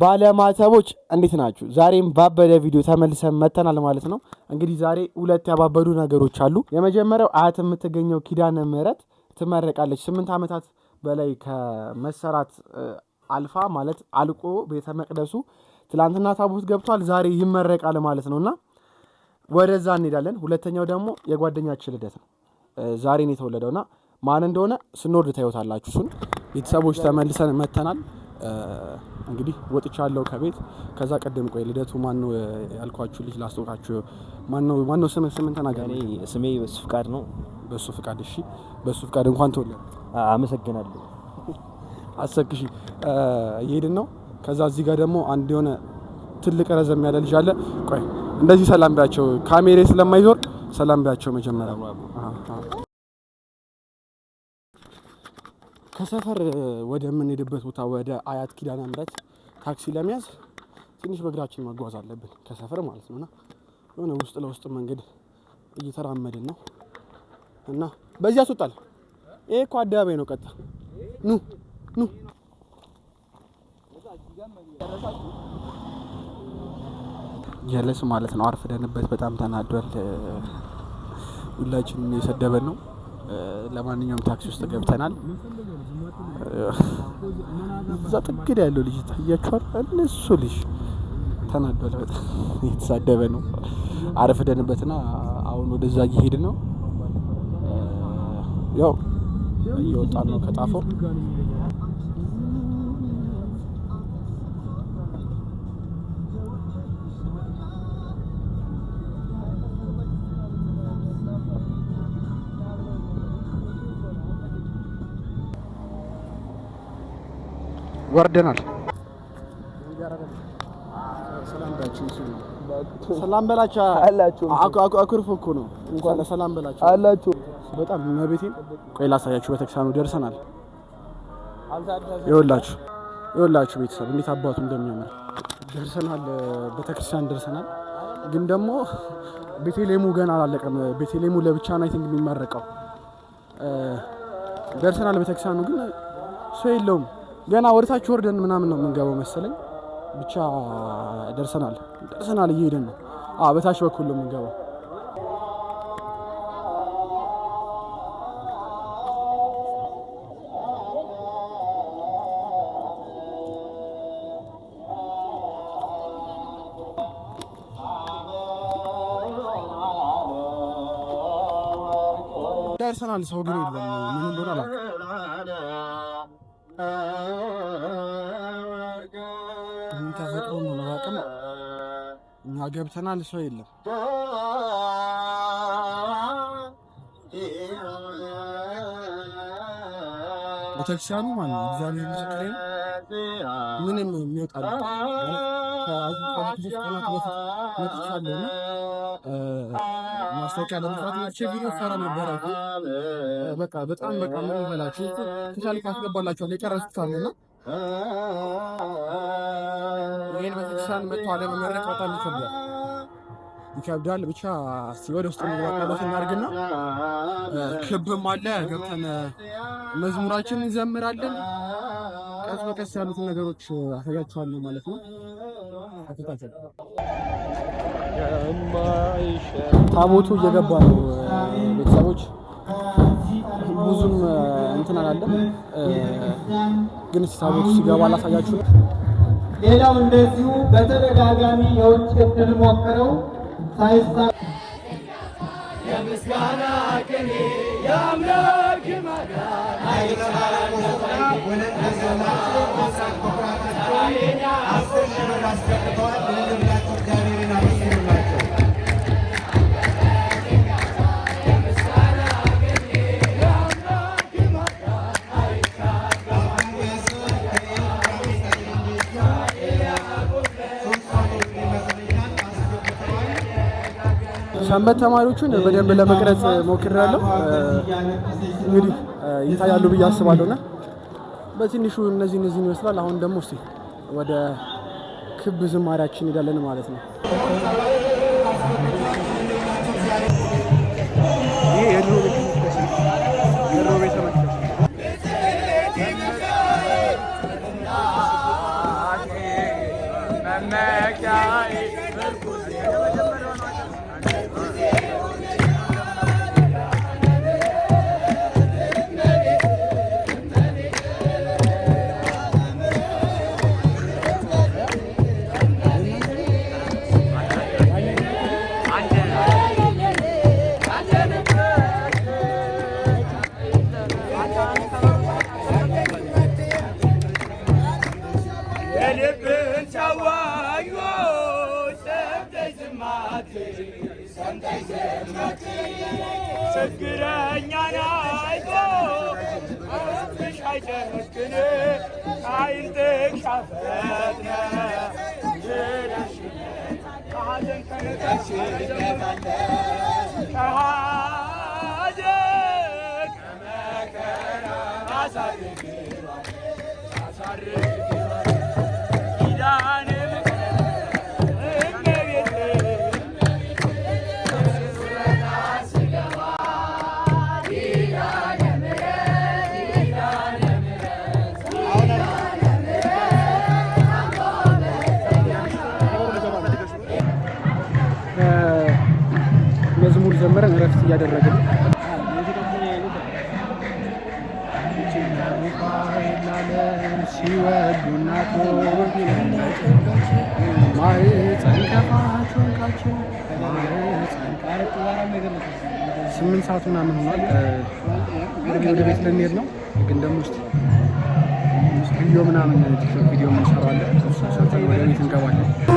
ባለማተቦች እንዴት ናችሁ? ዛሬም ባበደ ቪዲዮ ተመልሰን መተናል ማለት ነው። እንግዲህ ዛሬ ሁለት ያባበዱ ነገሮች አሉ። የመጀመሪያው አያት የምትገኘው ኪዳነ ምረት ትመረቃለች። ስምንት ዓመታት በላይ ከመሰራት አልፋ ማለት አልቆ ቤተ መቅደሱ ትላንትና ታቦት ገብቷል። ዛሬ ይመረቃል ማለት ነው እና ወደዛ እንሄዳለን። ሁለተኛው ደግሞ የጓደኛችን ልደት ነው። ዛሬ ነው የተወለደውና ማን እንደሆነ ስንወርድ ታዩታላችሁ። እሱን ቤተሰቦች ተመልሰን መተናል። እንግዲህ ወጥቻለሁ ከቤት ከዛ ቀደም ቆይ ልደቱ ማን ነው ያልኳችሁ ልጅ ላስተውቃችሁ ማን ነው ማን ነው ስምህ ስምን ተናገር ስሜ በሱ ፍቃድ ነው በሱ ፍቃድ እሺ በሱ ፍቃድ እንኳን ተወለደ አመሰግናለሁ አሰግሽ እየሄድን ነው ከዛ እዚህ ጋር ደግሞ አንድ የሆነ ትልቅ ረዘም ያለ ልጅ አለ ቆይ እንደዚህ ሰላም ቢያቸው ካሜሬ ስለማይዞር ሰላም ቢያቸው መጀመሪያ ከሰፈር ወደምንሄድበት ቦታ ወደ አያት ኪዳነ ምሕረት ታክሲ ለመያዝ ትንሽ በእግራችን መጓዝ አለብን፣ ከሰፈር ማለት ነው። እና የሆነ ውስጥ ለውስጥ መንገድ እየተራመድን ነው እና በዚህ ያስወጣል። ይሄ እኮ አደባባይ ነው። ቀጥታ ኑ ኑ ጀለስ ማለት ነው። አርፍደንበት በጣም ተናዷል። ሁላችንም የሰደበን ነው። ለማንኛውም ታክሲ ውስጥ ገብተናል። እዛ ጥግድ ያለው ልጅ ታያችኋል። እነሱ ልጅ ተናዷል። በጣም የተሳደበ ነው። አረፍደንበትና አሁን ወደዛ እየሄድ ነው። ያው እየወጣን ነው ከጣፈው ወርደናል። ሰላም በላቸው አላችሁ። እኮ ነው እንኳን ሰላም በላቸው አላችሁ። በጣም መቤቴ ቆይ ላሳያችሁ። ቤተክርስቲያኑ ደርሰናል። ይኸውላችሁ ይኸውላችሁ ቤተሰብ እንዴት አባቱ እንደሚያምር ደርሰናል። ቤተክርስቲያን ደርሰናል። ግን ደግሞ ቤተሌሙ ገና አላለቀም። ቤተሌሙ ለብቻ ነው አይ ቲንክ የሚመረቀው። ደርሰናል ቤተክርስቲያኑ ግን ሰው የለውም። ገና ወደታች ወርደን ምናምን ነው የምንገባው መሰለኝ። ብቻ ደርሰናል ደርሰናል፣ እየሄደን ነው። በታች በኩል ነው የምንገባው። ደርሰናል። ሰው ግን የለም። ምን እንደሆነ አላውቅም። ተፈጥሮ መራቅ እኛ ገብተናል፣ ሰው የለም። ቤተክርስቲያኑ ማለት ነው። እግዚአብሔር ምስክሬ ምንም የሚወጣ ማስታወቂያ ለመስራት መቼ ቪዲዮ ነበረ። በቃ በጣም በቃ ምን ይበላችሁ ተሻለ ካስገባላችኋል የጨረሱታል እና ይህን በተሻል መጥቶ አለመመረቅ በጣም ይከብዳል ይከብዳል። ብቻ ወደ ውስጥ ሚዋቃሎት እናድርግና ክብም አለ ገብተን መዝሙራችን እንዘምራለን። ቀስ በቀስ ያሉትን ነገሮች አሳያችኋለሁ ማለት ነው። ታቦቱ እየገባ ነው። ቤተሰቦች ብዙም እንትን አላለም፣ ግን ታቦቱ ሲገባ አላሳያችሁ። ሌላው እንደዚሁ በተደጋጋሚ የውጭ የምንሞክረው ሳይሳ የምስጋና ቅኔ የአምላክ ማዳ አስር ሺህ ብር አስገብተዋል። ለሁላቸው እግዚአብሔርን አመስግኑላቸው። ሰንበት ተማሪዎቹን በደንብ ለመቅረጽ ሞክሬያለሁ። እንግዲህ ይታያሉ ብዬ አስባለሁና በትንሹ እነዚህ እነዚህን ይመስላል። አሁን ደግሞ እስኪ ወደ ክብ ዝማሪያችን ሄዳለን ማለት ነው። የልብን ቻዋዮች ሰምተሽ ዝም አትይ ችግረኛን አይቶ አፍሽ አይጨክን አይንጥቅሽ አፈትነ ድረሽ ከሐዘን ከመከራ አሳርግ መዝሙር ዘመረን እረፍት እያደረግን ስምንት ሰዓት ምናምን ሆኗል። ወደ ቤት ልንሄድ ነው፣ ግን ደግሞ ውስጥ ቪዲዮ ምናምን ቪዲዮ ምንሰራለን። ወደ ቤት እንገባለን።